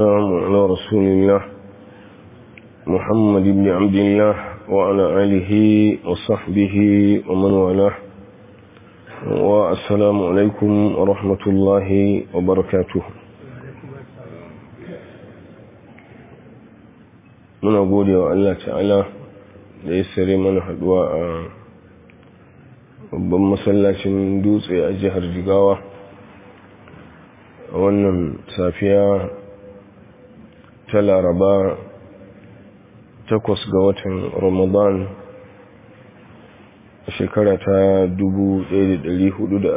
السلام على رسول الله محمد بن عبد الله وعلى آله وصحبه ومن والاه والسلام عليكم ورحمة الله وبركاته من أقول يا الله تعالى ليس من حدوى babban masallacin dutse a jihar jigawa wannan safiya ta laraba takwas ga watan ramadan a shekara ta da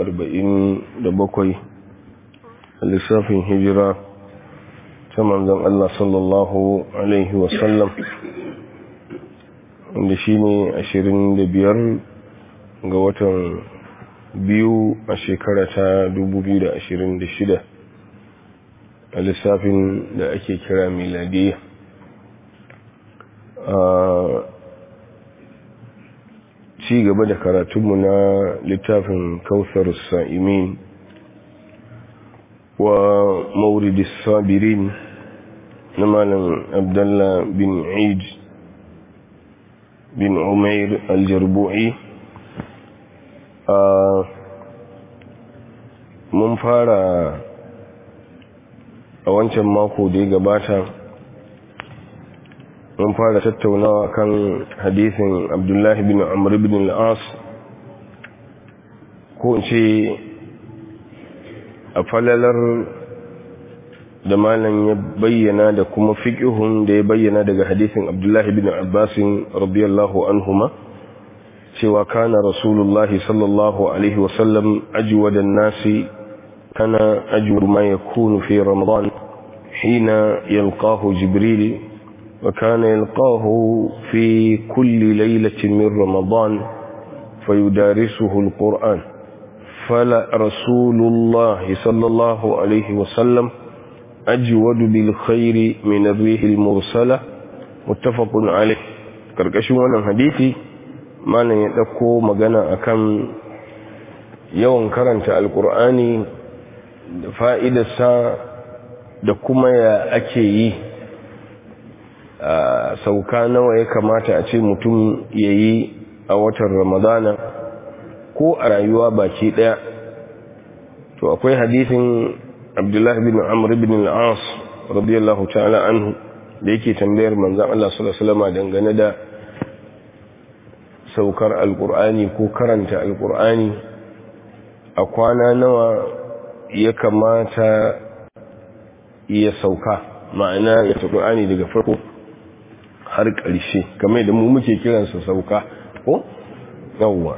a lissafin hijira ta manzan Allah sallallahu Alaihi wasallam wanda shi ne biyar ga watan biyu a shekara ta shida. a lissafin da ake kira miladiya a ci gaba da karatunmu na littafin kawsar sa'imin wa mauridis sabirin na malam abdallah bin eid bin umair aljarbu'i a mun fara a wancan mako da ya gabata mun fara tattaunawa kan hadisin abdullahi bin amr bin al'as ko in ce a falalar da malam ya bayyana da kuma fiƙihun da ya bayyana daga hadisin abdullahi bin abbasin radiyallahu anhuma cewa kana rasulullahi sallallahu alaihi wasallam ajiwadan nasi كان أجود ما يكون في رمضان حين يلقاه جبريل وكان يلقاه في كل ليلة من رمضان فيدارسه القرآن فلا رسول الله صلى الله عليه وسلم أجود بالخير من الريح المرسلة متفق عليه كركشو من حديثي ما لن يتقو magana أكم يوم كرنت القرآن da fa'idarsa da kuma ya ake yi a sauka nawa ya kamata a ce mutum ya yi a watan ramadana ko a rayuwa baki ɗaya to akwai hadisin abdullahi bin amr bin al'as radiyallahu ta'ala anhu da yake tambayar manzan Allah salama dangane da saukar alkur'ani ko karanta alkur'ani a kwana nawa ya kamata ya sauka ma'ana ya sauka ani daga farko har ƙarshe kamar da mu muke kiransa sauka ko yawwa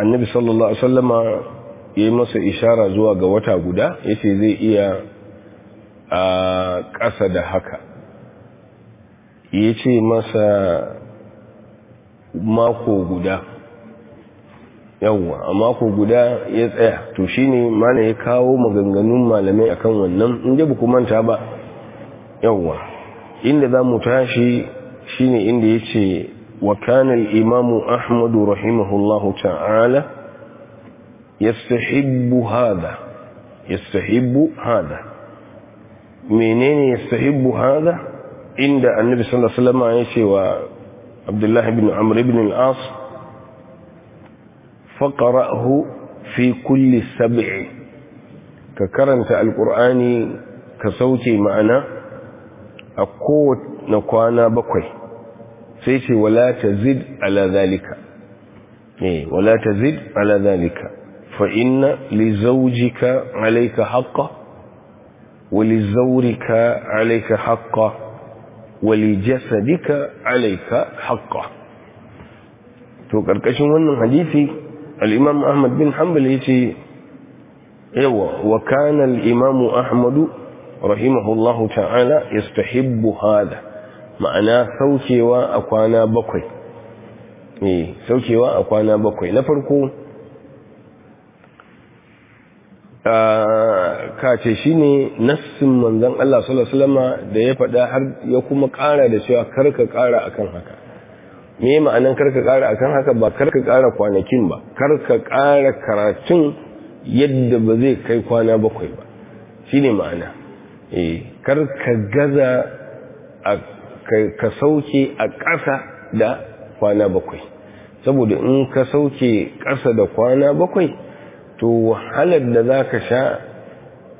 annabi sallallahu alaihi ya yi masa ishara zuwa ga wata guda ya ce zai iya a ƙasa da haka Ya ce masa mako guda yawwa amma ko guda ya tsaya to shine mana ya kawo maganganun malamai akan wannan in da ba ku manta ba yawwa inda za mu tashi shine inda yace wa kana al-imam Ahmad rahimahullahu ta'ala yastahibbu hada yastahibbu hada menene yastahibbu hada inda annabi sallallahu alaihi wasallam ya ce wa Abdullah ibn Amr ibn al-As فقرأه في كل السبع ككرنت القرآن كصوتي معنا أقوت نقوانا بكوي سيسي ولا تزد على ذلك إيه، ولا تزد على ذلك فإن لزوجك عليك حق ولزورك عليك حق ولجسدك عليك حق تو كركشون من حديثي al'imam ahmad bin hanbal ya ce yawa wa kana al'imamu ahmadu rahimahullahu ta'ala ya stahibbu ma'ana saukewa a kwana bakwai saukewa a kwana bakwai na farko kace shine ne nassin manzan Allah sallallahu Alaihi da ya faɗa har ya kuma ƙara da cewa kar ka ƙara akan haka me ma'anan karka ƙara akan haka ba karka kara kwanakin ba karka ƙara karatun yadda ba zai kai kwana bakwai ba shine ma'ana eh karka gaza ka sauke a ƙasa da kwana bakwai saboda in ka sauke ƙasa da kwana bakwai to wahalar da za ka sha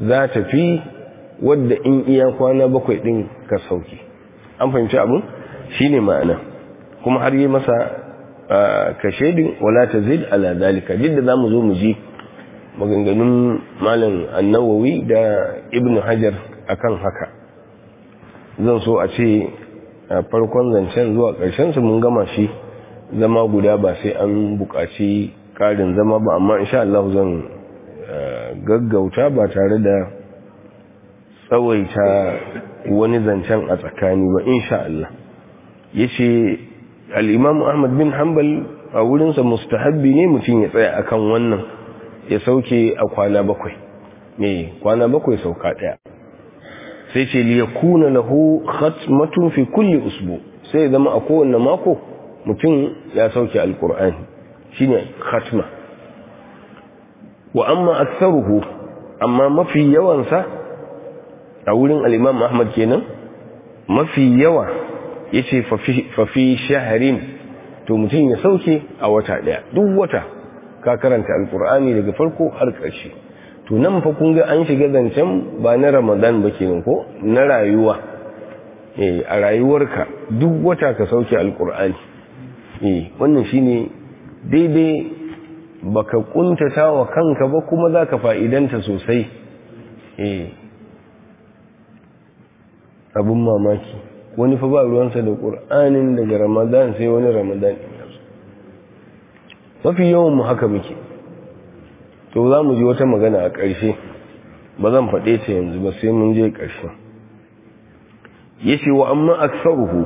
za ta fi wadda in iya kwana bakwai ɗin ka sauke an fahimci abin shi ne ma'ana kuma har yi masa kashedin wala ta zai ala zalika jidda da mu zo mu ji maganganun malam annawawi da Ibn hajar a kan haka zan so a ce farkon zancen zuwa ƙarshen su mun gama shi zama guda ba sai an buƙaci ƙarin zama ba amma insha Allah zan gaggauta ba tare da tsawaita wani zancen a tsakani ba insha Allah yace al'imamu ahmad bin hanbal a wurinsa mustahabbi ne mutum ya tsaya akan wannan ya sauke a kwana bakwai ne kwana bakwai sauka ɗaya sai ce liya kuna lahu khatmatun fi kulli usbu sai zama a kowane mako mutum ya sauke alkur'ani shine khatma wa amma aktsaruhu amma mafi yawansa a wurin al-Imam Ahmad kenan mafi yawa ya ce fafi shaharin to mutum ya sauke a wata daya duk wata ka karanta alkur'ani daga farko har ƙarshe to nan fa kun ga an shiga zancen ba na ramadan ba kenan ko na rayuwa eh, a rayuwarka duk wata ka sauke alkur'ani eh wannan shine daidai baka kuntata wa kanka ba kuma zaka fa'idanta sosai eh abun mamaki wani fa ba ruwansa da ƙur'anin daga ramadan sai wani ramadan mafi yawan haka muke to za mu ji wata magana a ƙarshe ba zan faɗe ta yanzu ba sai mun je ƙarshe ya ce wa amma aksaruhu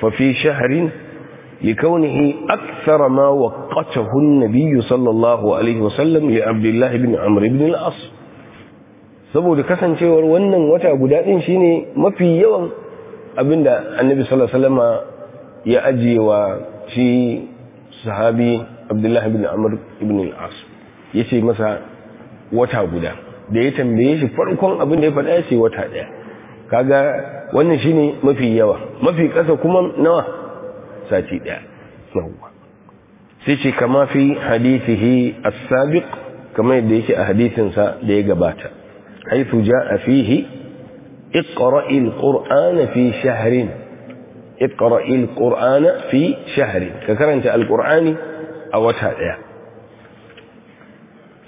Fafi fi shaharin لكونه أكثر ma wa ƙacahun Nabiyu الله عليه وسلم لعبد الله bin عمرو saboda kasancewar wannan wata guda ɗin shine mafi yawan abinda annabi sallallahu alaihi wasallama ya ajiye wa shi sahabi abdullahi ibn amr ibn al-as yace masa wata guda da ya tambaye shi farkon abin da ya faɗa yace wata daya kaga wannan shine mafi yawa mafi ƙasa kuma nawa sati ɗaya. yawa sai ce kama fi hadithihi as-sabiq kamar yadda yake a hadisin sa da ya gabata haythu jaa fihi اقرأ القرآن في شهر اقرأ القرآن في شهر انت القرآن أو تهدئ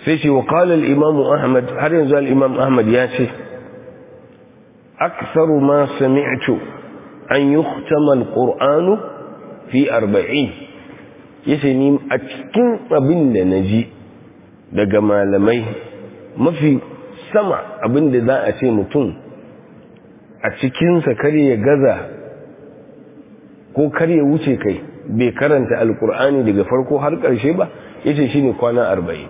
سيشي وقال الإمام أحمد هل ينزل الإمام أحمد ياشي أكثر ما سمعت أن يختم القرآن في أربعين يسني اتكن ابند نجي دقما لمي ما في سمع أبن ذا أتي متون a cikinsa kar ya gaza ko kar ya wuce kai bai karanta alkur'ani daga farko har ƙarshe ba yace shine kwana arba'in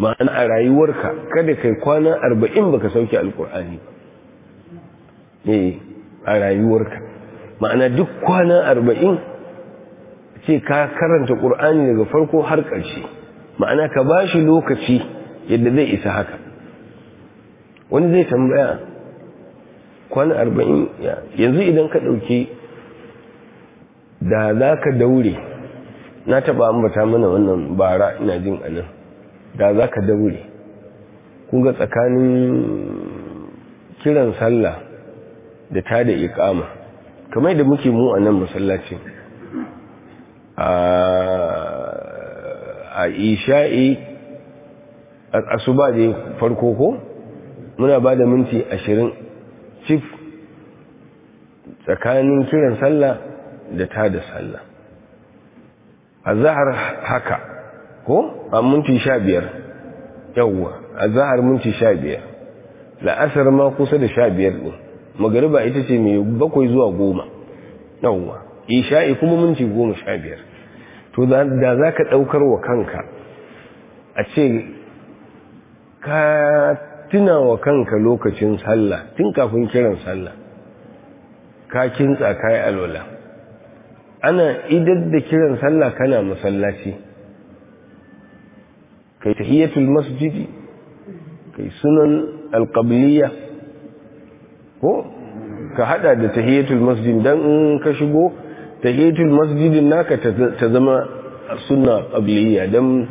ma'ana a rayuwarka kada kai kwana arba'in baka sauke alkur'ani ba eh a rayuwarka ma'ana duk kwana arba'in ce ka karanta ƙur'ani daga farko har ƙarshe ma'ana ka ba shi lokaci yadda zai isa haka wani zai tambaya kwana arba'in yanzu idan ka ɗauki da za ka daure na taɓa ambata mana wannan bara ina jin anan da za ka daure kunga tsakanin kiran sallah da ta da ikama kamar da muke mu a nan masallacin a isha'i a asuba da farko ko muna ba da minti ashirin cif tsakanin kiran sallah da ta da sallah a zahar haka ko a minti sha biyar yawwa zahar minti sha biyar la'asar ma kusa da sha biyar ɗin magariba ita ce mai bakwai zuwa goma yawwa isha'i kuma minti goma sha biyar to da za ka ɗaukar wa kanka a ce ka tuna wa kanka lokacin sallah tun kafin kiran sallah ka kintsa kai alwala ana idar da kiran sallah kana masallaci kai tahiyatul masjidi kai sunan alqabliya ko ka hada da tahiyatul masjid dan in ka shigo tahiyatul na naka ta zama sunna qabliya dan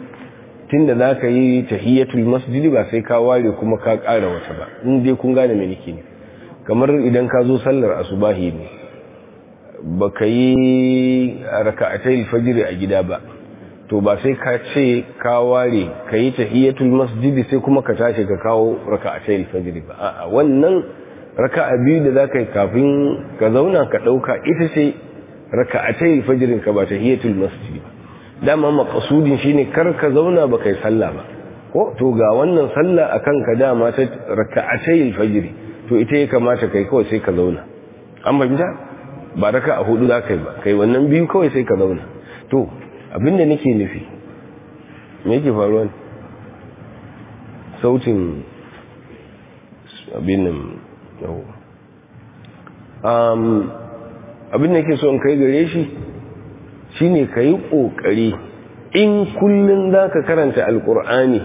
tunda za ka yi tahiyatul masjidi ba sai ka ware kuma ka ƙara wata ba in dai kun gane mai nake ne kamar idan ka zo sallar asubahi ne ba ka yi raka'atai alfajiri a gida ba to ba sai ka ce ka ware ka yi tahiyatul masjidi sai kuma ka tashi ka kawo raka'atai alfajiri ba a'a wannan raka'a biyu da za ka yi kafin ka zauna ka ɗauka ita ce raka'atai alfajirin ka ba tahiyatul masjidi dama makasudin shine kar ka zauna ba kai sallah ba ko to ga wannan sallah akan ka dama ta raka'atayil fajr to ita ya kamata kai kawai sai ka zauna an fahimta ba raka a hudu za kai ba kai wannan biyu kawai sai ka zauna to abinda nake nufi me yake faruwa sautin abinin yau abin da ke so in kai gare shi shine ka yi ƙoƙari in kullum za ka karanta alƙur'ani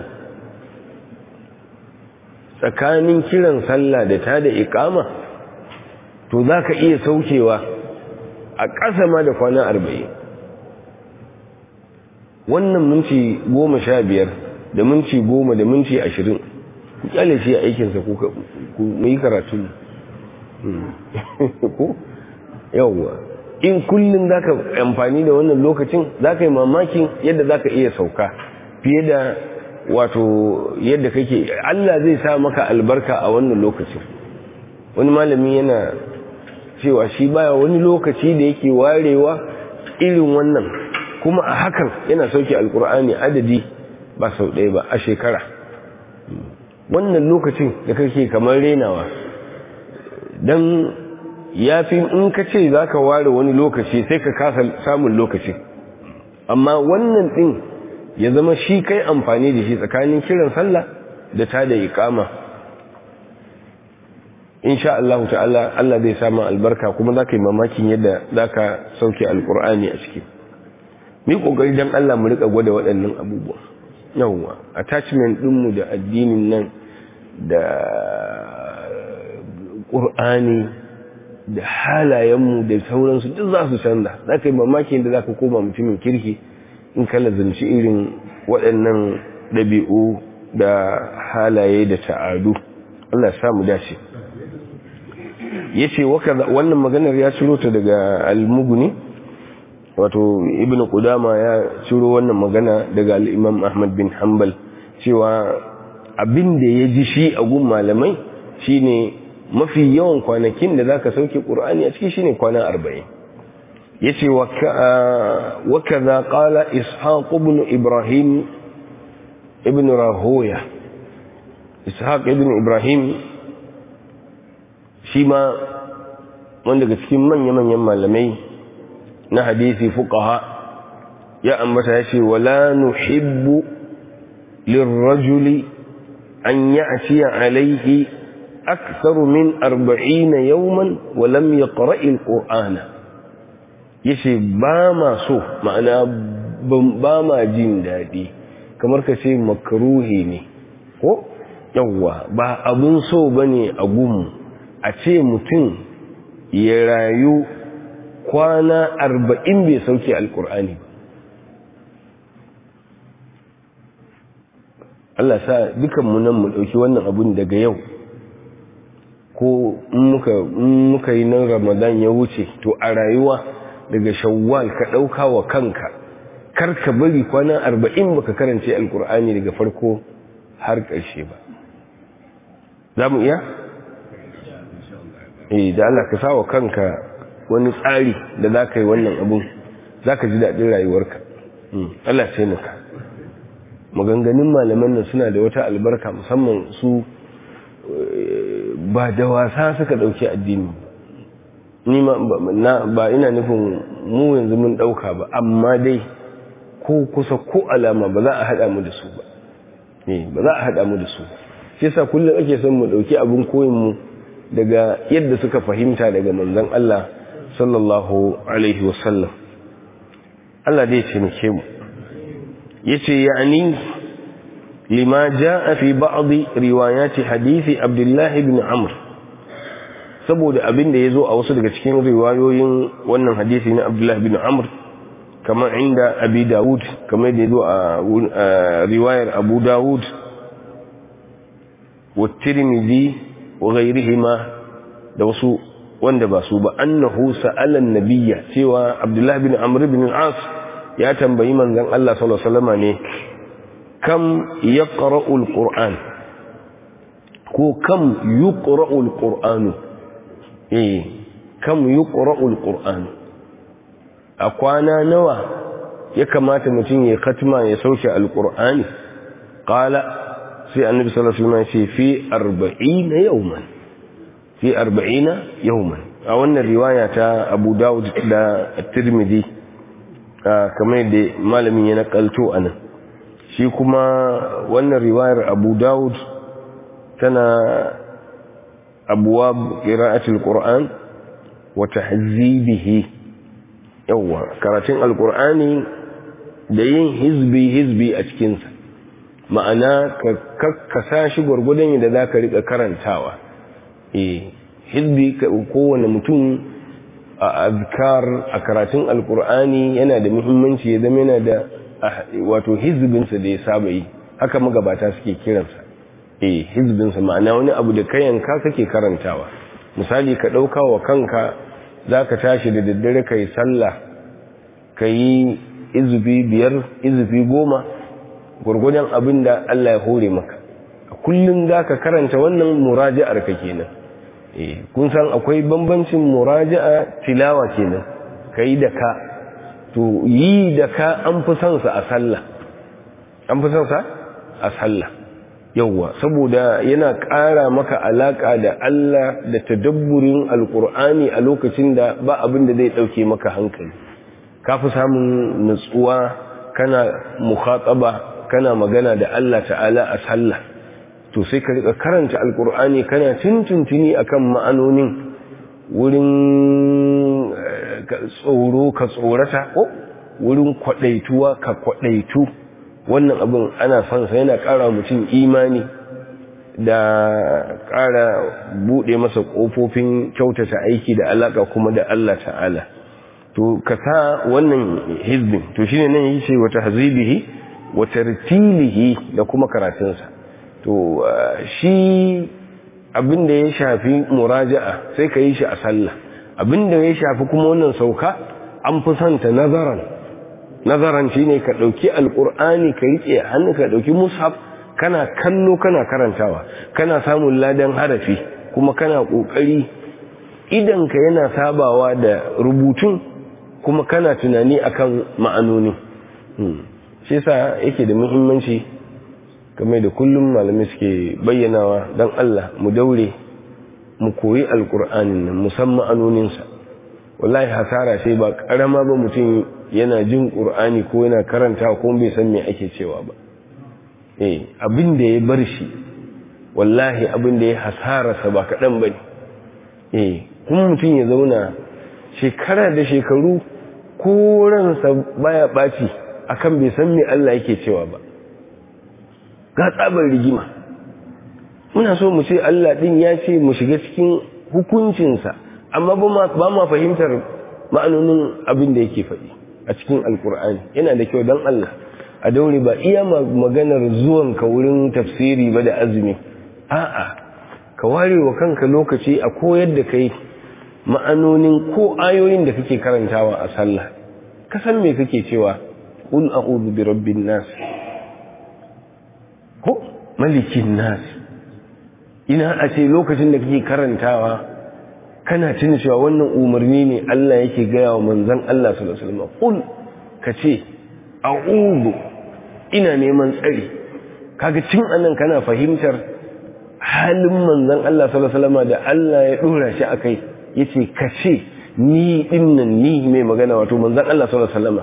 tsakanin kiran sallah da ta da iƙama to za ka iya saukewa a ƙasa ma da kwana arba'in wannan minti goma sha biyar da minti goma da minti ashirin ku kyale shi aikinsa ku yi karatu hmm. ko yawwa in kullum za ka amfani da wannan lokacin za ka yi mamakin yadda za ka iya sauka fiye da wato yadda kake Allah zai sa maka albarka a wannan lokacin wani malami yana cewa shi baya wani lokaci da yake warewa irin wannan kuma a hakan yana sauke alkur'ani adadi ba sau ɗaya ba a shekara wannan lokacin da kake kamar renawa don ya fi in ka ce za ka ware wani lokaci sai ka kasa samun lokaci amma wannan ɗin ya zama shi kai amfani da shi tsakanin kiran sallah da ta da ikama insha Allah ta'ala Allah zai samu albarka kuma za ka yi mamakin yadda za ka sauke alkur'ani a ciki Mi kokari don Allah mu rika gwada waɗannan abubuwa yawwa attachment ɗinmu da addinin nan da ƙur'ani da halayenmu da sauransu duk za su canza za ka yi mamakin da za ka koma mutumin kirki in kala lazanci irin waɗannan ɗabi'u da halaye da ta'adu Allah sa dace ya ce wannan maganar ya ciro ta daga almuguni wato ibn kudama ya ciro wannan magana daga al'imam ahmad bin Hambal cewa abin da ya ji shi a gun malamai shine mafi yawan kwanakin da zaka sauke qur'ani a cikin shine kwana 40 yace wa kaza qala ishaq ibn ibrahim ibn rahoya ishaq ibn ibrahim shi ma wanda daga cikin manya-manyan malamai na hadisi fuqaha ya ambata yace wala nuhibbu lirrajuli an ya'tiya alayhi أكثر من أربعين يوما ولم يقرأ القرآن يشي باما سو معنى باما جين دادي كما كشي مكروهي ني ko yawwa ba abun so bane a gunmu a ce mutum ya rayu kwana arba'in bai sauke Alƙur'ani. ba Allah sa dukanmu nan mu ɗauki wannan abun daga yau ko in muka yi nan ramadan ya wuce to a rayuwa daga shawwal ka ɗauka wa kanka kar ka bari kwanan arba'in baka karance alkur'ani daga farko har ƙarshe ba za mu iya? eh da Allah ka sa kanka wani tsari da za ka yi wannan abun za ka ji daɗin rayuwarka hmm, Allah sai maka maganganun malaman nan suna da wata albarka musamman su ba da wasa suka ɗauki addini ba ina nufin mu yanzu mun ɗauka ba amma dai ko kusa ko alama ba za a haɗa mu da su ba eh, ba za a haɗa mu da su shi yasa kullum ake son mu ɗauki abin koyin mu daga yadda suka fahimta daga manzon Allah sallallahu alaihi wasallam Allah dai ya ce mu yace ya'ni لما جاء في بعض روايات حديث عبد الله بن عمرو saboda abin da yazo a wasu daga cikin riwayoyin wannan hadisi na Abdullah bin Amr kama inda Abi Dawud kama da yazo a riwayar Abu Dawud wa Tirmidhi wa ghayrihima da wasu wanda ba su ba annahu sa'ala an-nabiyya cewa Abdullah bin Amr bin al-As ya tambayi manzon Allah sallallahu alaihi wasallama ne kam ya yaqra'ul qur'an ko kam yuqra'ul qur'an eh kam yuqra'ul qur'an a kwana nawa ya kamata mutum ya katma ya sauke alqur'ani Ƙala, sai annabi sallallahu alaihi ya ce fi 40 yawman fi 40 yawman a wannan riwaya ta abu dawud da tirmidhi kamar yadda malamin ya nakalto anan shi kuma wannan riwayar abu dawud tana abuwa ƙira'atul ƙur'an wata hazibihi yawwa karatun alƙur'ani da yin hizbi hizbi a cikinsa ma'ana ka kakkasa shi gwargwadon yadda za ka riƙa karantawa eh, hizbi kowane mutum a azkar a karatun alƙur'ani yana da muhimmanci ya zama yana da Ah, wato hizbinsa da ya saba yi haka magabata suke kiransa eh hizbinsa ma'ana wani abu da kayan ka kake karantawa misali ka ɗauka wa kanka za ka tashi da daddare ka yi sallah ka yi izubi biyar izubi goma gwargwadon abin da Allah ya hore maka kullum za ka karanta wannan muraji'ar ka kenan eh, kun san akwai bambancin muraji'a tilawa kenan ka yi da ka to yi da ka an fi son sa a sallah an fi son sa a sallah yawwa saboda yana ƙara maka alaƙa da Allah da tadabburin alkur'ani a lokacin da ba abin da zai ɗauke maka hankali ka fi samun nutsuwa kana mukhataba kana magana da Allah ta'ala a sallah to sai ka rika karanta alkur'ani kana tuntuntuni akan ma'anonin wurin eh, tsoro ka tsorata ko wurin kwadaituwa ka kwadaitu wannan abin ana son yana kara mutum imani da ƙara bude masa ƙofofin kyautata aiki da alaka kuma da Allah ta'ala to ka sa wannan hizbin to shine nan yi ce wa tahzibihi wa tartilihi da kuma karatunsa to shi abin da ya shafi muraja'a sai ka yi shi a sallah Abin da ya shafi kuma wannan sauka an fi santa nazaran nazaran shi ne ka ɗauki alƙur'ani ka rike hannu ka ɗauki mushaf kana kallo kana karantawa kana samun ladan harafi kuma kana ƙoƙari? idan ka yana sabawa da rubutun kuma kana tunani akan ma'anoni hmm. shi sa yake da muhimmanci kamar da kullum malamai suke bayyanawa don Allah mu daure mu koyi alkur'anin nan musamman anoninsa wallahi hasara sai ba karama ba mutum yana jin qur'ani ko yana karanta ko bai san me ake cewa ba eh abin da ya bar shi wallahi abin da ya hasara sa ba kadan eh kuma mutum ya zauna shekara da shekaru ko ransa baya baci akan bai san me Allah yake cewa ba ga tsabar rigima muna so mu ce Allah din ya ce mu shiga cikin hukuncinsa amma ba ma fahimtar ma'anonin abin da yake faɗi a cikin alkur'ani yana da kyau don Allah a daure ba iya maganar zuwan ka wurin tafsiri ba da azumi a'a ka ware wa kanka lokaci a koyar da kai ma'anonin ko ayoyin da kake karantawa a sallah ka san me kake cewa qul a'udhu bi rabbin nas ko malikin nas ina a ce lokacin da kake karantawa kana tuna cewa wannan umarni ne Allah yake gaya wa manzon Allah sallallahu alaihi wasallam kul kace a'udhu ina neman tsari kaga cin anan kana fahimtar halin manzon Allah sallallahu alaihi wasallam da Allah ya dora shi akai yace kace ni dinnan ni mai magana wato manzon Allah sallallahu alaihi wasallam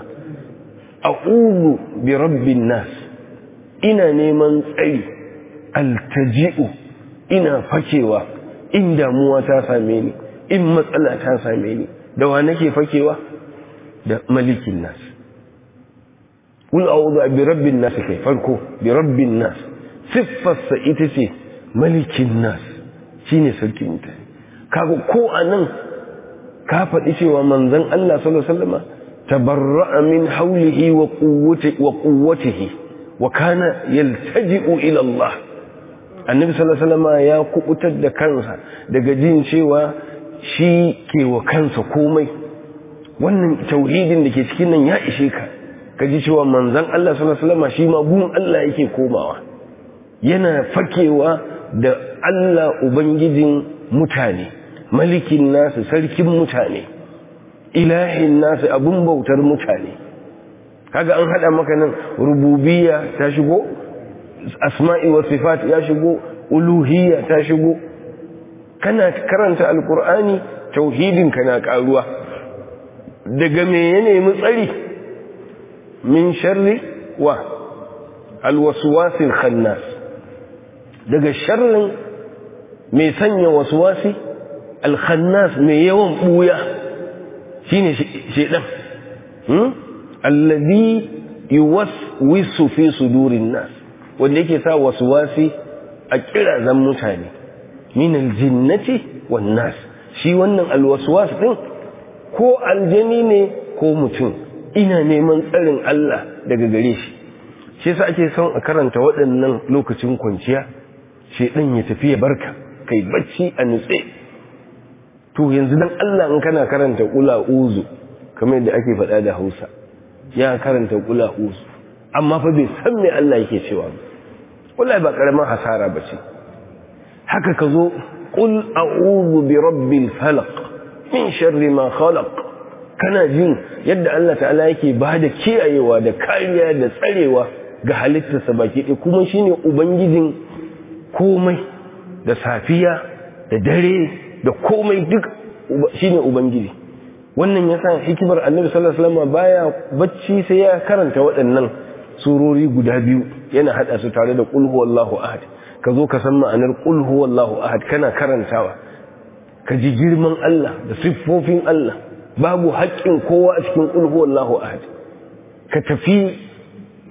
a'udhu bi rabbin nas ina neman tsari altaji'u ina fakewa in damuwa ta same ni in matsala ta same ni da wa nake fakewa da malikin nas kul a'udhu bi rabbin nas kai farko bi rabbin nas sa ita ce malikin nas shine sarkin ta. kaga ko anan ka faɗi cewa manzon Allah sallallahu alaihi wasallam tabarra'a min hawlihi wa quwwatihi wa quwwatihi wa kana yaltaji'u ila Allah annabi sallallahu alaihi ya kubutar da kansa daga jin cewa shi ke wa kansa komai wannan tauhidin da ke cikin nan ya ishe ka ji cewa manzon Allah sallallahu alaihi wasallam shi ma gun Allah yake komawa yana fakewa da Allah ubangijin mutane malikin nasu sarkin mutane ilahin nasu abun bautar mutane kaga an hada maka nan rububiyya ta shigo asma'i wa sifat ya shigo uluhiyya ta shigo kana karanta alkur'ani tauhidin kana karuwa daga me ya nemi tsari min sharri wa alwaswasil khannas daga sharrin mai sanya waswasi alkhannas mai yawan buya shine shedan hmm alladhi yuwaswisu fi sudurin nas wanda yake sa wasu wasi a kirazan mutane minal jinnati wan nas shi wannan alwaswas din ko aljani ne ko mutum ina neman tsarin Allah daga gare shi shi yasa ake son a karanta waɗannan lokacin kwanciya din ya tafi ya barka kai bacci a nutse to yanzu dan Allah in kana karanta kula uzu kamar yadda ake faɗa da Hausa ya karanta kula uzu amma fa bai san me Allah yake cewa ba wallahi ba karamin hasara ba haka ka zo ƙul a'udhu bi rabbil falaq min sharri ma khalaq kana jin yadda Allah ta'ala yake ba da kiyayewa da kariya da tsarewa ga halittarsa baki ɗaya kuma shine ubangijin komai da safiya da dare da komai duk shine ubangiji wannan yasa hikimar annabi sallallahu alaihi wasallam baya bacci sai ya karanta waɗannan surori guda biyu yana hada su tare da qul huwallahu ahad ka zo ka san ma'anar qul huwallahu ahad kana karantawa ka ji girman Allah da siffofin Allah babu haƙƙin kowa a cikin qul huwallahu ahad ka tafi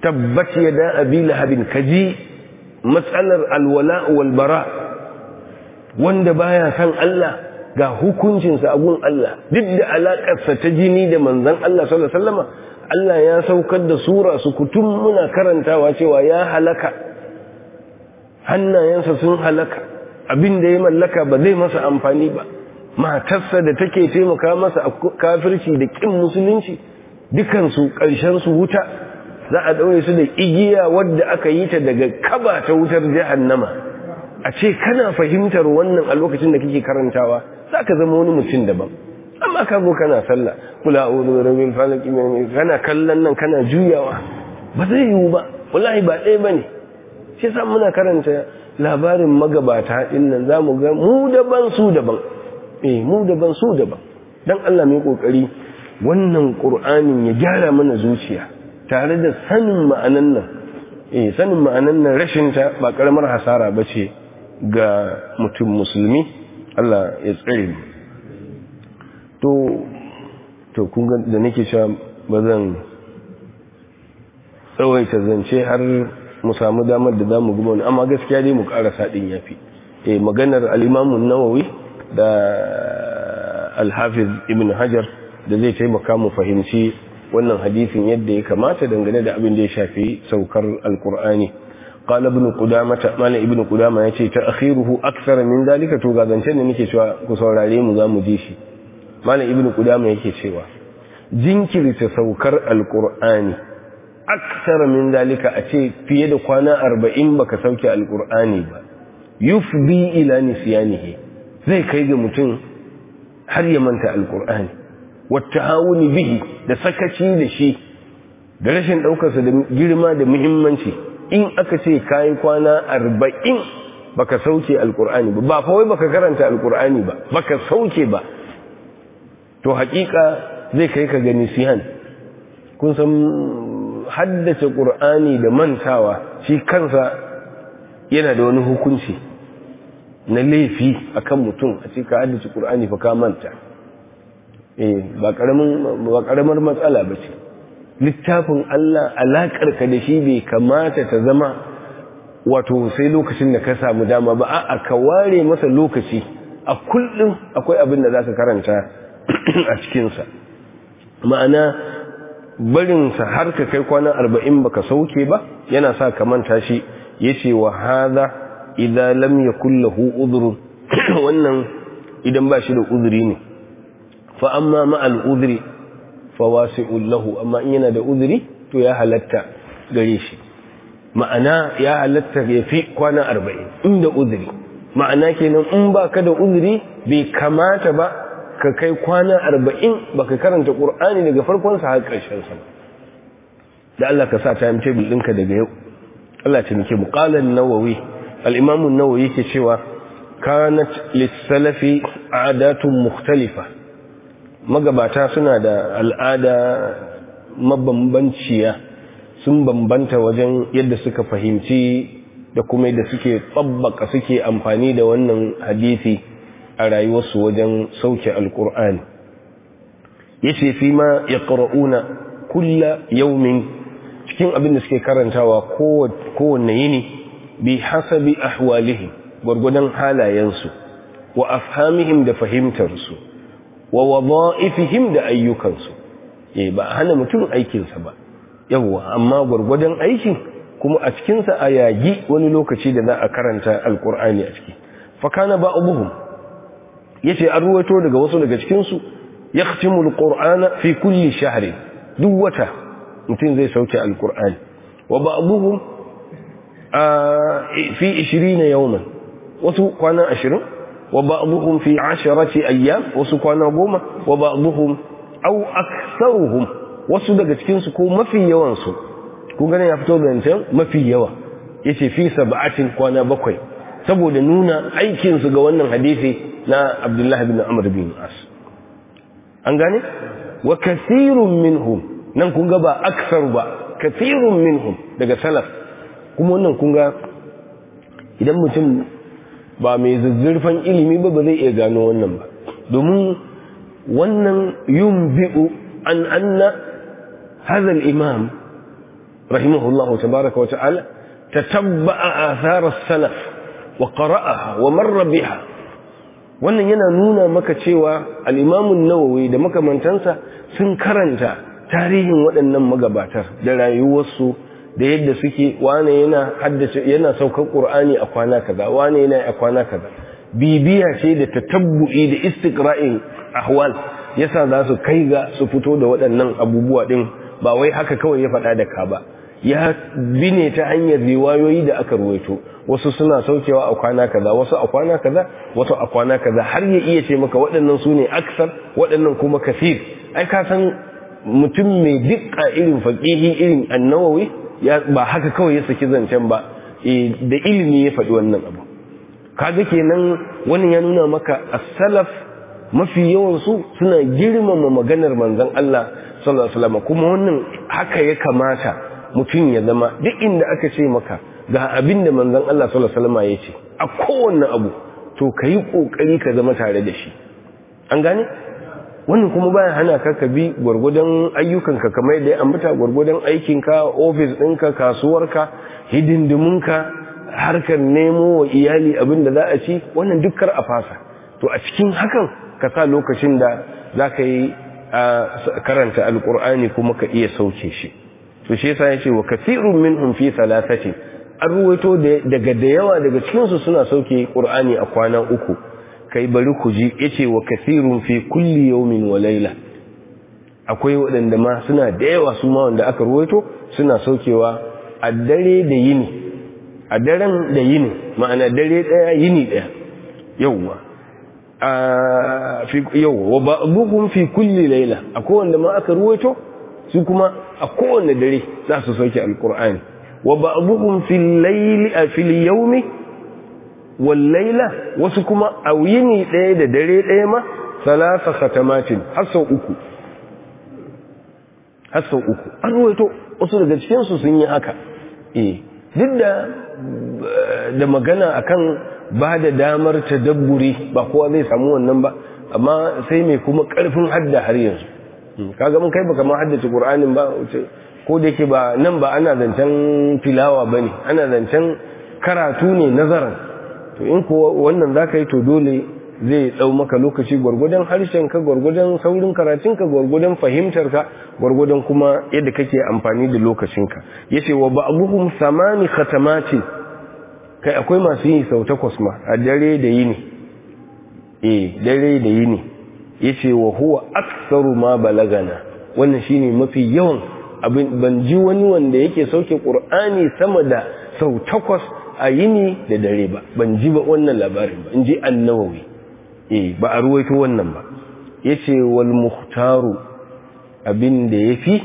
tabbat yada abi lahabin ka ji matsalar alwala wal bara wanda baya san Allah ga hukuncinsa a gun Allah duk da alaƙarsa ta jini da manzan Allah sallallahu alaihi Allah ya saukar da sura su kutum muna karantawa cewa ya halaka hannayensa sun halaka abin da ya mallaka ba zai masa amfani ba matarsa da take taimaka masa a kafirci da ƙin musulunci dukansu ƙarshensu wuta za a ɗaure su da igiya wadda aka yi ta daga kaba ta wutar jahannama a ce kana fahimtar wannan a lokacin da kake karantawa za ka zama wani mutum daban amma ka zo kana sallah kula a rabin falaki mai kana kallon nan kana juyawa ba zai yiwu ba wallahi ba ɗaya ba ne shi sa muna karanta labarin magabata ɗin nan za mu ga mu daban su daban eh mu daban su daban Don Allah mai ƙoƙari wannan qur'anin ya gyara mana zuciya tare da sanin ma'anan nan eh sanin ma'anan nan rashin ta ba karamar hasara bace ga mutum musulmi Allah ya tsare mu to to kunga da nake cewa ba zan tsawaita zance har mu samu damar da za mu guma wani amma gaskiya dai mu ƙara saɗin ya fi e maganar alimamun nawawi da alhafiz ibn hajar da zai taimaka mu fahimci wannan hadisin yadda ya kamata dangane da abin da ya shafi saukar alkur'ani قال ابن قدامة مال ابن قدامة يتي تأخيره أكثر من ذلك تو da نيكي cewa ku saurare mu mu je shi malam Ibn qudama yake cewa jinkirta saukar alqur'ani akthar min dalika a ce fiye da kwana 40 baka sauke alqur'ani ba yufdi ila nisyanihi zai kai ga mutum har ya manta alqur'ani wattahawuni bihi da sakaci da shi da rashin sa da girma da muhimmanci in aka ce kai kwana 40 baka sauke alqur'ani ba ba fa wai baka karanta alqur'ani ba baka sauke ba to hakika zai kai ka gani sihan kun san haddace ƙur'ani da mantawa shi kansa yana da wani hukunci na laifi akan mutum a cika haddace qur'ani fa ka manta eh ba ƙaramar matsala bace littafin Allah alaƙar ka da shi bai kamata ta zama wato sai lokacin da ka samu dama ba A'a, ka ware masa lokaci a kullum akwai abin da za ka karanta a cikinsa ma'ana barinsa har ka kai kwanan arba'in ba ka sauke ba yana sa ka manta shi ya ce wa haza idan lamya ya kullahu uzurun wannan idan ba shi da uzuri ne fa amma ma'al uzuri fa wasi'un ullahu amma in yana da uzuri to ya halatta gare shi ma'ana ya halatta ya fi kwanan arba'in inda uzuri ma'ana kenan in ba ka da uzuri bai kamata ba ka kai kwana arba'in ba ka karanta ƙur'ani daga farkonsa har ƙarshensa da Allah ka sa ta yamce ɗinka daga yau Allah ce muke muƙalar nawawi al'imamun nawawi ke cewa kanat lissalafi adatun mukhtalifa magabata suna da al'ada mabambanciya sun bambanta wajen yadda suka fahimci da kuma yadda suke tsabbaka suke amfani da wannan hadisi a rayuwarsu wajen sauke alkur'ani ce fi ma ya ƙara'una kulla yawmin cikin abin da suke karantawa kowane yini bi hasabi ahwalihi gwargwadon halayensu wa afhamihim da fahimtarsu wa ifihim da ayyukansu ya eh, ba hana mutum aikinsa ba yawwa amma gwargwadon aiki kuma a cikinsa a yagi wani lokaci da za a karanta alkur'ani a ciki fa fakana ba abuhum yace an ruwaito daga wasu daga cikin su yahtimu alqur'ana fi kulli shahri duk wata mutum zai sauke alqur'ani wa ba'dhum fi 20 yawman wasu kwana 20 wa ba'dhum fi 10 ayyam wasu kwana 10 wa ba'dhum aw aktharuhum wasu daga cikin su ko mafi yawan su ku gane ya fito da yancan mafi yawa yace fi sab'atin kwana bakwai saboda nuna aikin su ga wannan hadisi na abdullahi bin amr bin as an gane wa kathirun minhum nan kun ga ba aksar ba kathirun minhum daga salaf kuma wannan kun ga idan mutum ba mai zazzurfan ilimi ba ba zai iya gano wannan ba domin wannan yunbi'u an anna hadha al-imam rahimahullahu tabaaraka wa ta'ala tatabba'a athar as-salaf wa qara'aha wa marra biha wannan yana nuna maka cewa al'imamun nawawi da makamantansa sun karanta tarihin waɗannan magabatar da rayuwarsu da yadda suke wane yana haddace yana saukar ƙur'ani a kwana kaza wane yana a kwana kaza bibiya ce da tatabbu'i da istiqra'in ahwal yasa za su kai ga su fito da waɗannan abubuwa ɗin ba wai haka kawai ya faɗa da ka ba ya bine ta hanyar riwayoyi da aka ruwaito wasu suna saukewa a kwana kaza wasu a kwana kaza wasu a kwana kaza har ya iya ce maka waɗannan su ne aksar waɗannan kuma kasir ai ka san mutum mai dukka irin faƙihi irin annawawi ba haka kawai ya saki zancen ba e, da ilimi ya faɗi wannan abu kaga kenan wani ya nuna maka as-salaf mafi yawan su suna girmama maganar manzon Allah sallallahu alaihi wasallam kuma wannan haka ya kamata mutum ya zama duk inda aka ce maka ga abin da manzon Allah sallallahu alaihi ya ce a kowane abu to kayi kokari ka zama tare da shi an gane wannan kuma bayan hana ka ka bi gwargwadon ayyukanka kamar yadda ya ambata gwargwadon aikinka ofis ɗinka kasuwarka hidindiminka harkar nemo wa iyali abin da za a ci wannan dukkar a fasa to a cikin hakan ka sa lokacin da za ka yi karanta alkur'ani kuma ka iya sauke shi to shi yasa yace wa kathirun minhum fi thalathati an ruwaito daga da yawa daga cikin su suna sauke qur'ani a kwana uku kai bari ku ji yace wa kathirun fi kulli yawmin wa layla akwai waɗanda ma suna da yawa su ma wanda aka ruwaito suna saukewa a dare da yini a daren da yini ma'ana dare daya yini daya yawwa a fi yawwa wa ba'dukum fi kulli layla akwai wanda ma aka ruwaito su kuma a kowane dare za su sauke alkur'ani wa ba a fil filayi a filiyau ne wallaila wasu kuma a yini daya da dare ɗaya ma salasa satamatin har uku har uku an to wasu daga cikinsu sun yi haka eh duk da eh, da magana akan ba da damar ta dabburi ba kowa zai samu wannan ba amma sai mai kuma ƙarfin hadda har yanzu Hmm. kaga mun kai baka ma haddace qur'anin ba ko da yake ba nan ba ana zancen filawa bane ana zancen karatu ne nazaran to in ko wannan zaka yi to dole zai dau maka lokaci gurgudan harshen ka gurgudan saurin karatun ka gurgudan fahimtar ka gurgudan kuma yadda kake amfani da lokacin ka yace wa ba'dhum samani khatamati kai akwai masu yi sau takwas ma a dare da yini eh dare da yini yace wa huwa aktsaru ma balagana wannan shine mafi yawan abin ban ji wani wanda yake sauke qur'ani sama da sau takwas a yini da dare ba ban ji ba wannan labarin ba in ji annawawi eh ba a ruwaito wannan ba yace wal muhtaru abin da yafi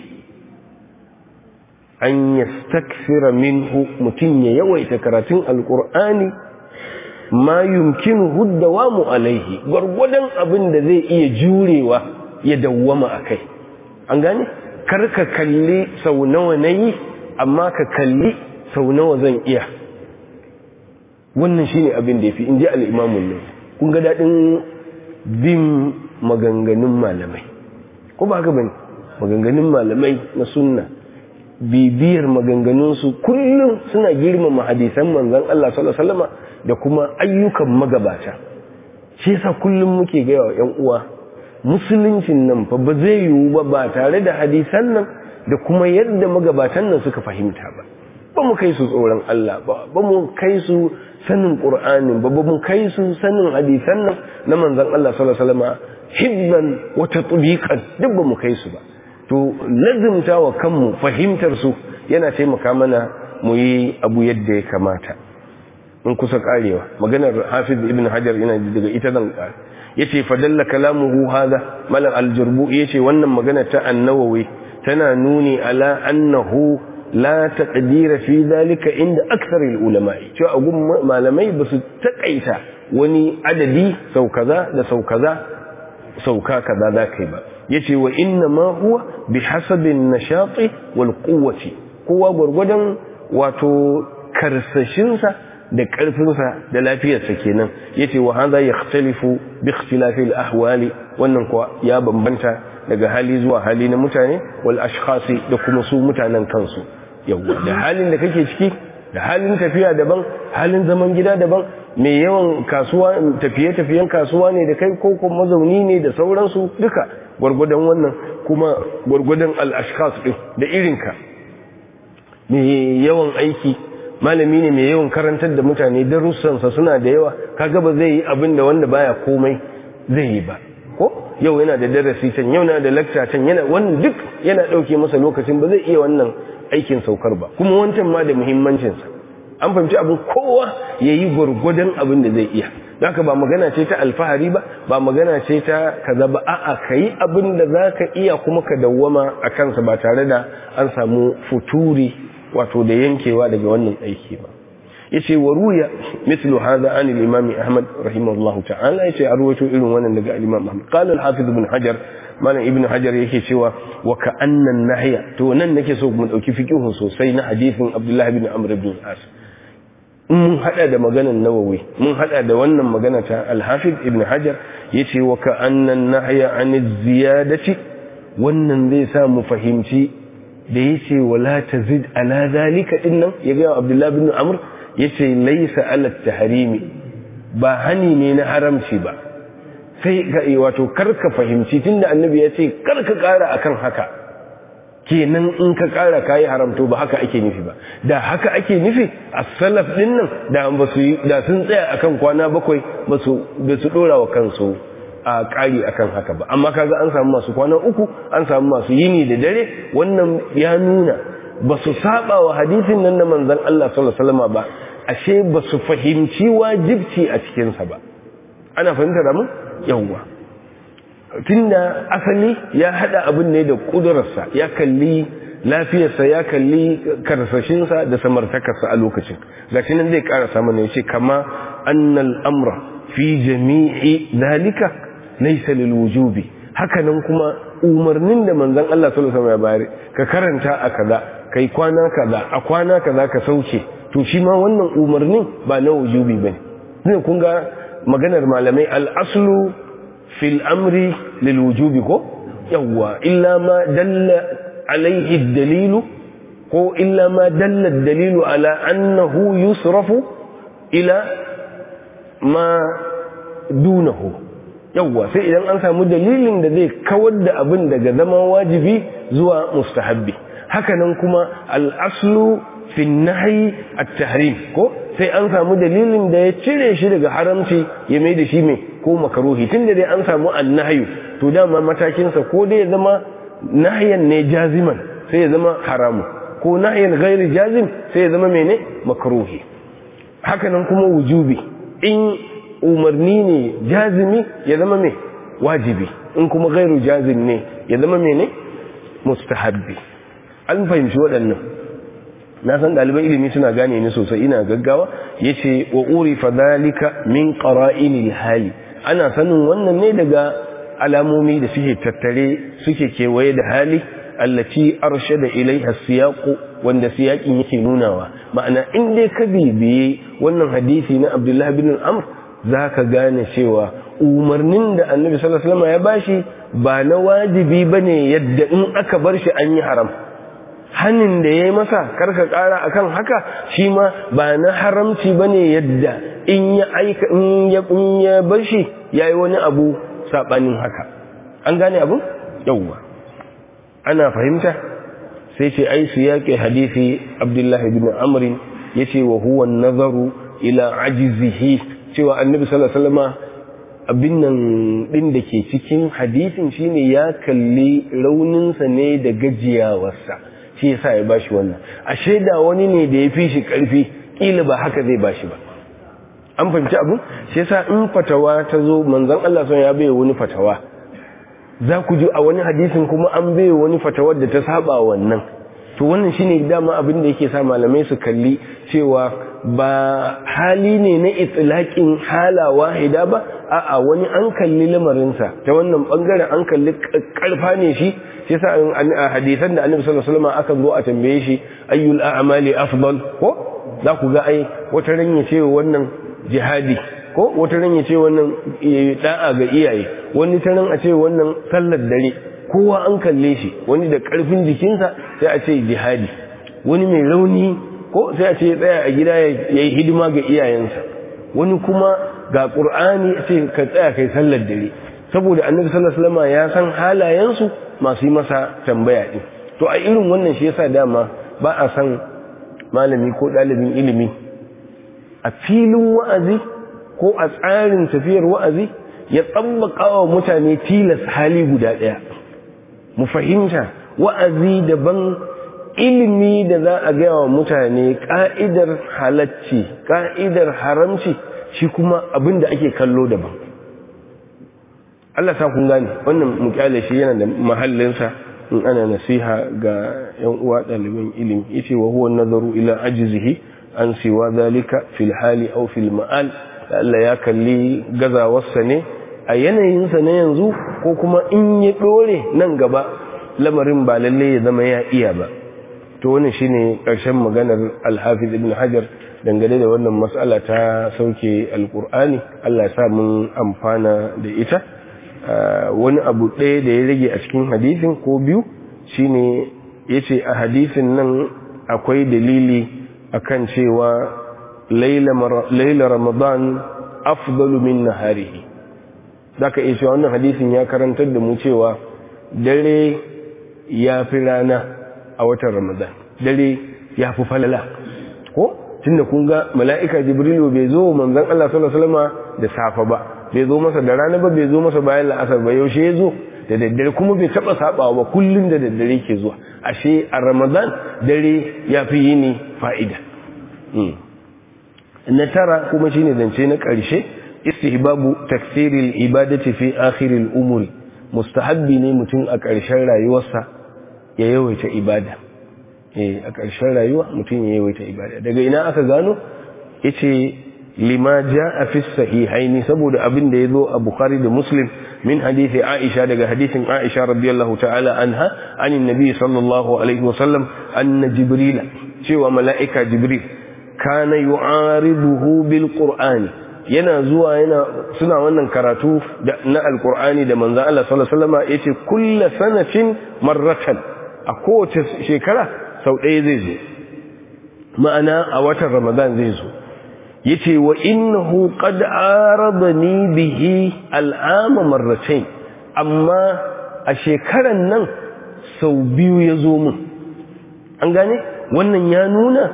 an yastakfira minhu mutun ya yawaita karatun alqur'ani ma yumkinu huddawamu alaihi gwargwadon abin da zai iya jurewa ya dawwama a kai an gane kar ka kalli sau nawa na yi amma ka kalli sau nawa zan iya wannan shine abin da ya fi inji al'imamun nan kun ga daɗin bin maganganun malamai ko ba haka maganganun malamai na sunna bibiyar maganganunsu kullum suna girmama hadisan manzan Allah sallallahu alaihi da kuma ayyukan magabata shi sa kullum muke gaya wa 'yan uwa musuluncin nan fa ba zai yiwu ba ba tare da hadisan nan da kuma yadda magabatan nan suka fahimta ba ba mu kai su tsoron Allah ba ba mu kai su sanin Qur'anin ba ba mu kai su sanin hadisan nan na manzan Allah sallallahu alaihi hibban wa tatbiqan duk ba mu kai su ba to lazimta wa kanmu fahimtar su yana taimaka mana mu yi abu yadda ya kamata in kusa karewa maganar hafiz ibn hajar ina daga ita zan kare yace fadalla kalamuhu hadha malam al-jurbu yace wannan magana ta annawawi tana nuni ala annahu la taqdira fi inda akthar al-ulama cewa agun malamai basu takaita wani adadi sau kaza da sau kaza sauka kaza zakai ba yace wa inna ma huwa bihasabin nashati wal quwwati kowa gurgudan wato karsashinsa da ƙarfinsa da lafiyarsa kenan yace wa hadha yakhtalifu bi ikhtilafi al-ahwali wannan kuwa ya bambanta daga hali zuwa hali na mutane wal ashkhasi da kuma su mutanen kansu yawa da halin da kake ciki da halin tafiya daban halin zaman gida daban mai yawan kasuwa tafiye-tafiyen kasuwa ne da kai ko mazauni ne da sauransu duka gwargwadon wannan kuma gwargwadon al-ashkhas din da irinka mai yawan aiki malami ne mai yawan karantar da mutane darussansa suna da yawa kaga ba zai yi abin da wanda baya komai zai yi ba ko yau yana da darasi can yau yana da lecture can yana wannan duk yana dauke masa lokacin ba zai iya wannan aikin saukar ba kuma wancan ma da muhimmancin an fahimci abin kowa yayi gurgudan abin da zai iya haka ba magana ce ta alfahari ba ba magana ce ta kaza ba a'a kai abin da ka iya kuma ka dawwama a kansa ba tare da an samu futuri wato da yankewa daga wannan aiki ba yace waruya ruya mithlu hadha an al-imam ahmad rahimahullahu ta'ala yace a ruwato irin wannan daga al-imam ahmad qala al-hafiz ibn hajar malam ibn hajar yake cewa wa ka annan nahya to nan nake so mu dauki fiqhun sosai na hadisin abdullah ibn amr ibn as mun hada da maganar nawawi mun hada da wannan magana ta al-hafiz ibn hajar yace wa ka annan nahya an ziyadati wannan zai sa mu fahimci da yace wala ta zid ala zalika dinnan ya ga Abdullah bin Amr yace laysa ala tahrimi ba hani ne na haramci ba sai ga eh, wato karka fahimci tunda annabi ya ce karka kara akan haka kenan in ka kara kayi haramto ba haka ake nufi ba da haka ake nufi as-salaf dinnan da ba su da sun tsaya akan kwana bakwai ba su ba su dora wa kansu a ƙari akan haka ba amma kaga an samu masu kwana uku an samu masu yini da dare wannan ya nuna ba su saba wa hadisin nan na manzon Allah sallallahu alaihi ba ashe ba su fahimci wajibci a cikin sa ba ana fahimta da mu yawwa tunda asali ya hada abin ne da kudurarsa ya kalli lafiyarsa ya kalli karsashinsa da samartakarsa a lokacin gashi nan zai karasa mana ya ce kama annal amra fi jami'i zalika laysa lil wujubi hakanan kuma umarnin da manzon Allah sallallahu alaihi wasallam ya bari ka karanta a kaza kai kwana kaza a kwana kaza ka sauke to shi ma wannan umarnin ba na wujubi bane ne kun ga maganar malamai al aslu fil amri lil wujubi ko yawa. illa ma dalla alaihi dalilu ko illa ma dalla dalilu ala annahu yusrafu ila ma dunahu yawwa sai idan an samu dalilin da zai kawar da abin daga zama wajibi zuwa mustahabbi hakanan kuma al'aslu fi nahyi at-tahrim ko sai an samu dalilin da ya cire shi daga haramci ya mai da shi mai ko makaruhi tunda dai an samu annahyu to dama matakinsa ko dai ya zama nahyan ne jaziman sai ya zama haramu ko nahyan gairi jazim sai ya zama mene makruhi hakanan kuma wujubi in umarni ne jazimi ya zama mai wajibi in kuma gairu jazim ne ya zama mai ne mustahabbi an fahimci waɗannan na san ɗaliban ilimi suna gane ni sosai ina gaggawa ya ce wa ƙuri fadalika min ƙara'inil hali ana sanin wannan ne daga alamomi da suke tattare suke kewaye da hali allaci arshe da ilaiha siyaku wanda siyakin yake nunawa ma'ana in dai ka bibiye wannan hadisi na abdullahi bin amr za ka gane cewa umarnin da annabi sallallahu alaihi wasallam ya bashi ba na wajibi bane yadda in aka bar shi an yi haram hannun da ya yi masa karka kara akan haka shi ma ba na haramci bane yadda in ya aika in ya in ya bar shi yayi wani abu saɓanin haka an gane abu yauwa ana fahimta sai ce ai su yake hadisi abdullahi amrin ya ce wa huwa nazaru ila ajizihi cewa annabi sallallahu alaihi wasallam abin nan din da ke cikin hadisin shine ya kalli raunin sa ne da gajiyawarsa shi yasa ya bashi wannan ashe da wani ne da ya fi shi karfi kila ba haka zai bashi ba an fahimci abu shi yasa in fatawa ta zo manzon Allah sun ya bai wani fatawa za ku ji a wani hadisin kuma an bai wani fatawar da ta saba wannan to wannan shine dama abin da yake sa malamai su kalli cewa ba hali ne na itilakin hala wahida ba a'a wani an kalli lamarinsa ta wannan bangaren an kalli karfa ne shi shi sa a hadisan da annabi sallallahu alaihi aka zo a tambaye shi ayyul a'mali afdal ko za ku ga ai wata ran ce wannan jihadi ko wata ran ce wannan eh, da'a ga iyaye wani ta ran a ce wannan sallar dare kowa an kalle shi wani da karfin jikinsa sai a ce jihadi wani mai rauni ko sai a ce ya tsaya a gida ya yi hidima ga iyayensa wani kuma ga ƙur'ani ce ka tsaya kai sallar dare saboda annabi sallallahu alaihi wasallam ya san halayensu masu yi masa tambaya din to a irin wannan shi yasa dama ba a san malami ko ɗalibin ilimi a filin wa'azi ko a tsarin tafiyar wa'azi ya tsammaka wa mutane tilas hali guda ɗaya mu fahimta wa'azi daban ilimi da za a gaya wa mutane ka'idar halacci ka'idar haramci shi kuma abin da ake kallo daban Allah sa kun gane wannan mukyale shi yana da mahallinsa in ana nasiha ga yan uwa ɗaliban ilimi yace wa huwa nazaru ila ajzihi an siwa zalika fil hali aw fil ma'al Allah ya kalli gazawarsa ne a yanayinsa na yanzu ko kuma in ya dore nan gaba lamarin ba lalle ya zama ya iya ba to wannan shine ƙarshen maganar alhafiz ibn hajar dangane da wannan matsala ta sauke alƙur'ani allah sa mun amfana da ita ah, wani abu ɗaya da ya rage a cikin hadisin ko biyu shine ya ce a hadisin nan akwai dalili akan cewa laila ramadan afdalu min naharihi zaka iya cewa wannan hadisin ya karantar da mu cewa dare ya fi rana a watan ramadan dare ya fi falala ko tunda kun ga mala'ika jibrilu bai zo manzon Allah sallallahu da safa ba bai zo masa da rana ba bai zo masa bayan la'asar ba yaushe ya zo da daddare kuma bai taba sabawa ba kullum da daddare ke zuwa ashe a ramadan dare ya fi yini fa'ida hmm. na tara kuma shi ne zance na ƙarshe istihbabu taksiril ibadati fi akhiril umuri mustahabbi ne mutum a ƙarshen rayuwarsa ya yawaita ibada eh, a ƙarshen rayuwa mutum ya yawaita ibada daga ina aka gano yace limaja a fi sahihaini saboda abin da zo a bukari da muslim min hadisi aisha daga hadisin aisha radiyallahu ta'ala anha anin nabi sallallahu alaihi wasallam na jibril cewa mala'ika jibril kana yu'aribuhu bil qur'ani yana zuwa yana suna wannan karatu na alqur'ani da manzo Allah sallallahu alaihi wasallam yace kulla sanatin marratan a kowace shekara sau ɗaya zai zo ma'ana a watan ramadan zai zo ya ce wa innahu qad ni bihi al'ama marratain amma a shekaran nan sau biyu ya zo mun an gane wannan ya nuna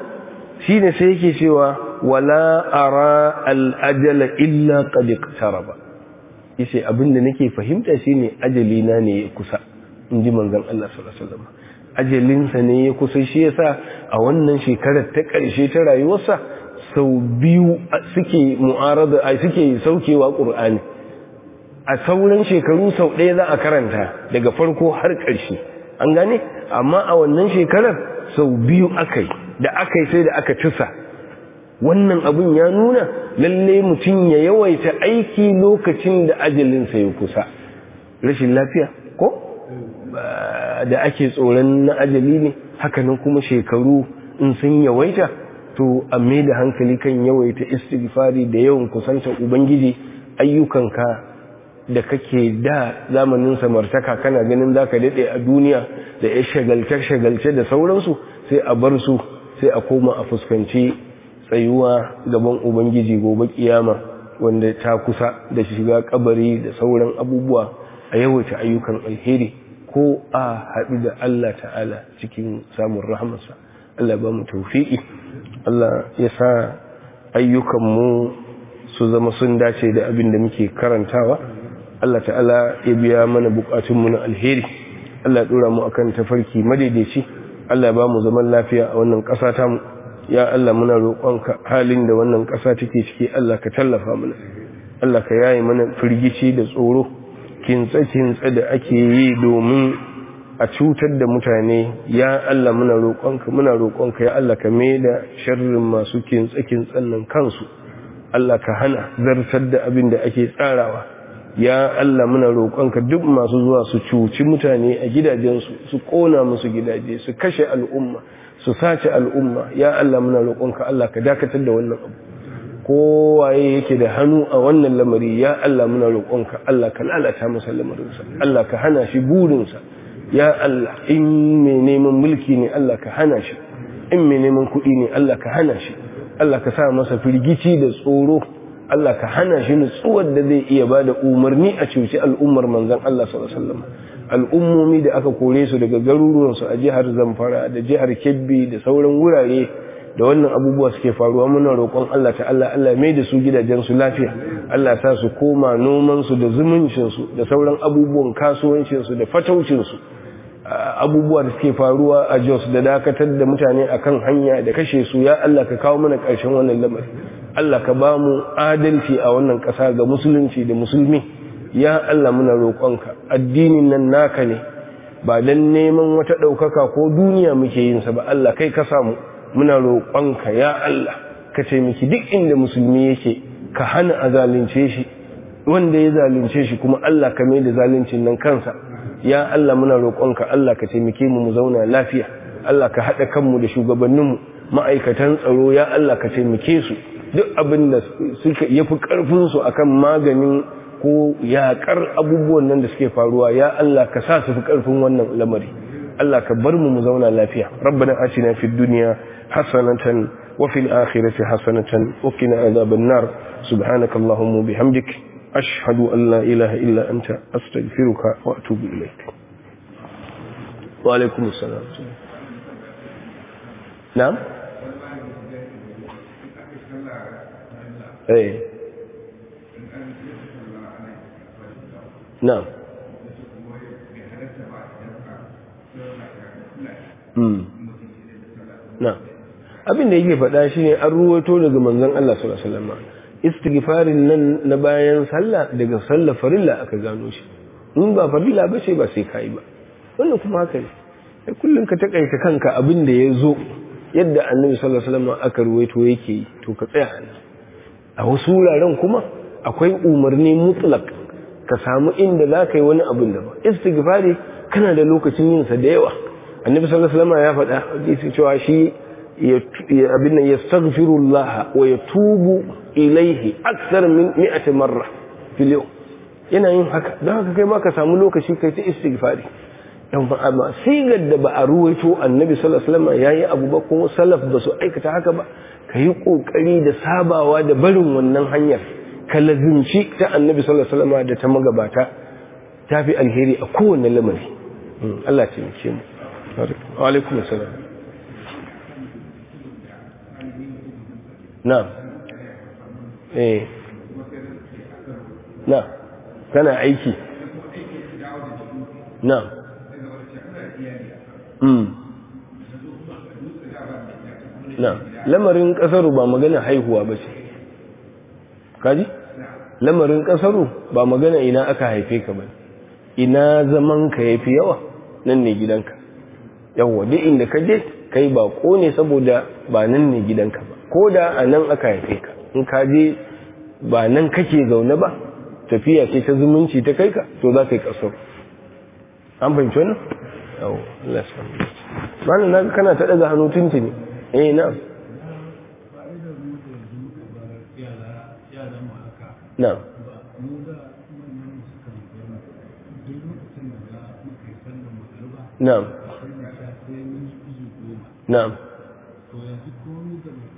Shi ne sai yake cewa wala ara al'ajala illa ba ya ce abinda nake fahimta shine ne ne ne kusa In ji manzon Allah sallallahu ajalinsa ne ya kusa shi yasa a wannan shekarar ta ƙarshe ta rayuwarsa sau biyu suke mu'arada a suke saukewa ƙur'ani a sauran shekaru sau ɗaya za a karanta daga farko har ƙarshe an gane amma a wannan shekarar sau biyu aka yi da aka yi sai da aka tusa wannan abun ya nuna lalle mutum ya yawaita aiki lokacin da ajalinsa ya kusa rashin lafiya ko da ake tsoron na ajali ne hakanan kuma shekaru in sun yawaita to a mai da hankali kan yawaita istighfari da yawan kusantar ubangiji ayyukanka da kake da zamanin samartaka kana ganin ka daɗe a duniya da ya shagalce shagalce da sauransu sai a bar su sai a koma a fuskanci tsayuwa gaban ubangiji gobe kiyama wanda ta kusa da shiga kabari da sauran abubuwa a yawaita ayyukan alheri ko a haɗu da Allah ta'ala cikin samun rahamarsa Allah ba mu taufi'i Allah ya sa ayyukanmu su zama sun dace da abin da muke karantawa Allah ta'ala ya biya mana bukatunmu na alheri Allah ya ɗora mu akan tafarki madaidaici Allah ya ba mu zaman lafiya a wannan ƙasa ta mu ya Allah muna roƙonka halin da wannan ƙasa take ciki Allah ka tallafa mana Allah ka yaye mana firgici da tsoro Kintsa kintsa da ake yi domin a cutar da mutane ya Allah muna roƙonka muna roƙonka ya Allah ka da sharrin masu kintsa-kintsa nan kansu Allah ka hana zartar da abin da ake tsarawa ya Allah muna roƙonka duk masu zuwa su cuci mutane a gidajensu su ƙona musu gidaje su kashe al'umma su sace al'umma ya Allah muna roƙonka Allah ka dakatar da wannan abu kowaye yake da hannu a wannan lamari ya Allah muna roƙonka Allah ka lalata masa lamarinsa Allah ka hana shi burinsa ya Allah in mai neman mulki ne Allah ka hana shi in mai neman kuɗi ne Allah ka hana shi Allah ka sa masa firgici da tsoro Allah ka hana shi nutsuwar da zai iya bada umarni a cuci al'ummar manzon Allah sallallahu alaihi wasallam al'ummomi da aka kore su daga garuruwansu a jihar Zamfara da jihar Kebbi da sauran wurare da wannan abubuwa suke faruwa muna roƙon Allah ta Allah Allah mai da su gidajen su lafiya Allah sa su koma noman su da zumuncin su da sauran abubuwan kasuwancin su da fataucin su abubuwa da suke faruwa a Jos da dakatar da mutane akan hanya da kashe su ya Allah ka kawo mana ƙarshen wannan lamari Allah ka ba mu adalci a wannan ƙasa ga musulunci da musulmi ya Allah muna roƙonka addinin nan naka ne ba dan neman wata ɗaukaka ko duniya muke yin sa ba Allah kai ka samu muna roƙonka ya Allah ka taimaki duk inda musulmi yake ka hana a zalunce shi wanda ya zalunce shi kuma Allah ka mai da zaluncin nan kansa ya Allah muna roƙonka Allah ka taimake mu mu zauna lafiya Allah ka haɗa kanmu da shugabanninmu ma'aikatan tsaro ya Allah ka taimake su duk abin da suka yafi ƙarfin su akan maganin ko yaƙar abubuwan nan da suke faruwa ya Allah ka sa su fi ƙarfin wannan lamari Allah ka bar mu mu zauna lafiya rabbana atina fid dunya حسنة وفي الآخرة حسنة وقنا عذاب النار سبحانك اللهم وبحمدك أشهد أن لا إله إلا أنت أستغفرك وأتوب إليك وعليكم السلام نعم أي نعم نعم abin da yake faɗa shine an ruwato daga manzon Allah sallallahu alaihi wasallam istighfarin nan na bayan sallah daga sallah farilla aka gano shi in ba farilla ba ce ba sai kai ba wannan kuma haka ne kullum ka takaita kanka abin da ya zo yadda annabi sallallahu alaihi wasallam aka ruwaito yake yi to ka tsaya a wasu wuraren kuma akwai umarni mutlak ka samu inda za ka yi wani abin da ba istighfari kana da lokacin yin sa da yawa annabi sallallahu alaihi wasallam ya faɗa hadisi cewa shi ya yastaghfirullah wa tubu ilaihi aksar min 100 marra filiyo. yana yin haka don haka kai ma ka samu lokaci kai ta istighfari dan amma sigar da ba a ruwaito annabi sallallahu alaihi wasallam yayi abu ba kuma salaf ba su aikata haka ba yi ƙoƙari da sabawa da barin wannan hanyar ka lazimci ta annabi sallallahu alaihi da ta magabata tafi alheri a kowane lamari hmm, Allah ya ce mu wa alaikum salam. na eh na kana aiki na hmm. na lamarin kasaru ba magana haihuwa ba ce kaji lamarin kasaru ba magana ina aka haife ka ba ina zaman ka yafi yawa nan ne gidanka yawa duk inda ka je kai ba ko ne saboda ba nan ne gidanka ba ko da a nan aka haife ka in ka je ba nan kake zaune ba tafiya ce ta zumunci ta kai ka to za ka yi kaso an fahimci wannan yau lasan malam na kana ta daga hannu ne eh na na na'am na'am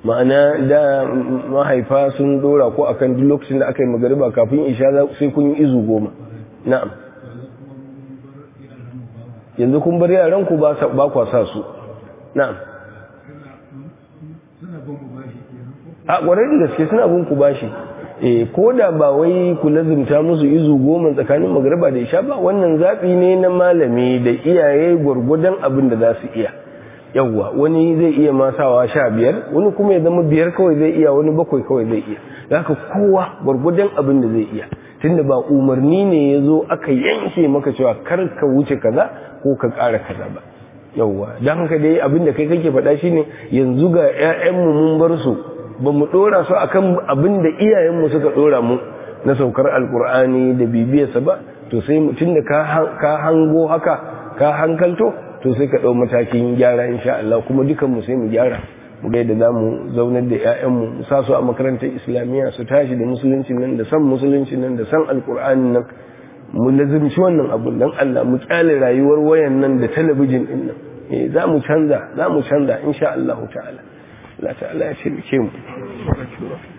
ma'ana da mahaifa sun dora ko a duk lokacin da aka yi magariba kafin isha sai kun yi izu goma na'am yanzu kun bar yaran ku ba kwa sa su na'am a ƙwararri gaske suna bin ku bashi e ko da ba wai ku lazimta musu izu goma tsakanin magariba da isha ba wannan zaɓi ne na malami da iyaye gwargwadon abin da za su iya yawwa wani zai iya masawa sha biyar wani kuma ya zama biyar kawai zai iya wani bakwai kawai zai iya ka kowa gwargwadon abin da zai iya tunda ba umarni ne ya zo aka yanke maka cewa kar ka wuce kaza ko ka ƙara kaza ba yawwa don haka dai abin da kai kake faɗa ne yanzu ga 'ya'yanmu mun bar su ba mu ɗora su akan abin da iyayenmu suka ɗora mu na saukar alkur'ani da bibiyarsa ba to sai tun da ka hango haka ka hankalto to sai ka ɗau matakin gyara insha Allah kuma dukan mu sai mu gyara mu ga yadda zamu zaunar da ƴaƴanmu mu sa su a makarantar islamiyya su tashi da musulunci nan da san musulunci nan da san Alƙur'ani nan mu lazimci wannan abu dan Allah mu ƙyale rayuwar wayan nan da talabijin din nan eh, za mu canza za mu canza insha Allah ta'ala Allah ta'ala ya ce mu